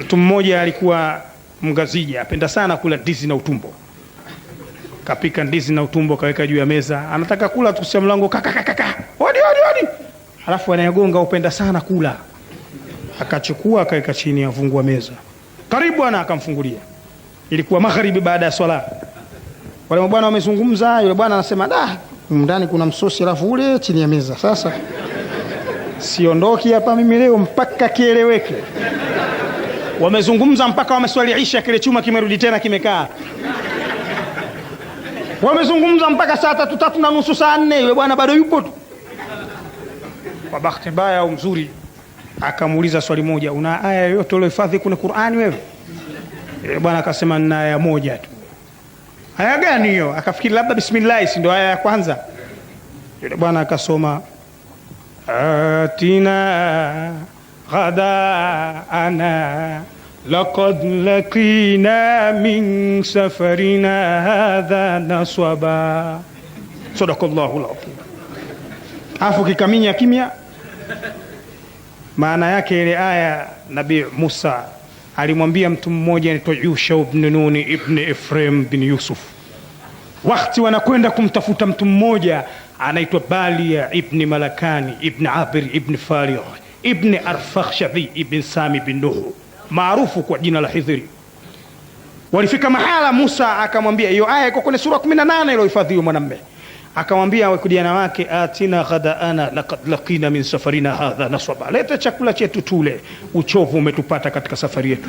Mtu mmoja alikuwa mgazija, apenda sana kula ndizi na utumbo, kapika ndizi na utumbo kaweka juu ya meza, anataka kula, tukusia mlango kakakakaka, hodi hodi hodi, alafu anayegonga upenda sana kula, akachukua akaweka chini ya fungu wa meza, karibu ana akamfungulia. Ilikuwa magharibi baada ya swala, wale mabwana wamezungumza, yule bwana anasema da, ndani kuna msosi, alafu ule chini ya meza. Sasa siondoki hapa mimi leo mpaka kieleweke. Wamezungumza mpaka wameswalihisha kile chuma kimerudi tena kimekaa. Wamezungumza mpaka saa tatu tatu na nusu saa nne, yule bwana bado yupo tu. Kwa bahati mbaya au mzuri, akamuuliza swali moja, una aya yoyote uliohifadhi kuna Qur'ani wewe? Yule bwana akasema nna aya moja tu. Aya gani hiyo? Akafikiri labda bismillahi si ndo aya ya kwanza. Yule bwana akasoma atina غداءنا لقد لقينا من سفرنا هذا نصبا Sadaqa Allahu al-Azim. Afu يا kimya, maana yake ile aya Nabii Musa alimwambia mtu mmoja anaitwa Yusha ibn Nuni ibn Efraim bin Yusuf, wakati wanakwenda kumtafuta mtu mmoja anaitwa Balia ibn Malakani ibn Abir ibn Farih Ibni Arfakhshadhi Ibn Sami bin Nuhu maarufu kwa jina la Hidhiri. Walifika mahala, Musa akamwambia, hiyo aya iko kwenye sura 18 iliyohifadhiwa mwanamme akamwambia kijana wake, atina ghadaana laqad laqina min safarina hadha naswaba, leta chakula chetu tule, uchovu umetupata katika safari yetu.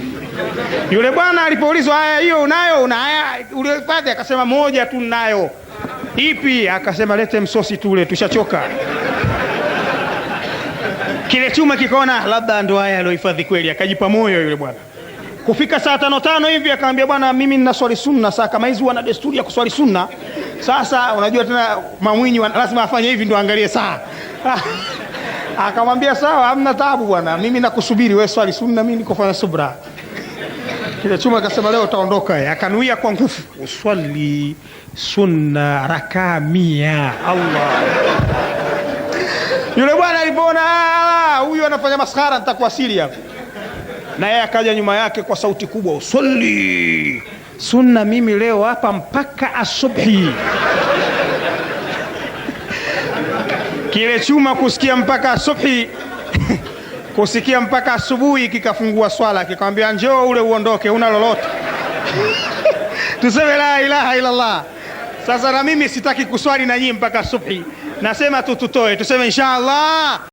Yule bwana alipoulizwa, aya hiyo unayo, una aya uliohifadhi? Akasema moja tu ninayo. Ipi? Akasema lete msosi tule, tushachoka chuma kikaona labda ndo haya aliohifadhi kweli, akajipa moyo yule bwana. Kufika saa tano tano hivi akamwambia bwana, mimi nina swali sunna. Saa kama hizi wana desturi ya kuswali sunna. Sasa unajua tena mamwinyi lazima afanye hivi ndo angalie saa akamwambia sawa, amna tabu bwana, mimi nakusubiri wewe, swali sunna, mimi nikofanya subra. Kile chuma akasema leo utaondoka, akanuia kwa nguvu, uswali sunna rakaa mia. Allah, yule bwana alipoona huyu anafanya maskhara, siri hapo. Na yeye akaja nyuma yake kwa sauti kubwa, usalli sunna mimi leo hapa mpaka asubhi. Kile chuma kusikia mpaka asubhi kusikia mpaka asubuhi, kikafungua swala kikamwambia, njoo ule uondoke, una lolote tuseme la ilaha illallah. Sasa na mimi sitaki kuswali na nyinyi mpaka subhi, nasema tu tutoe, tuseme inshallah.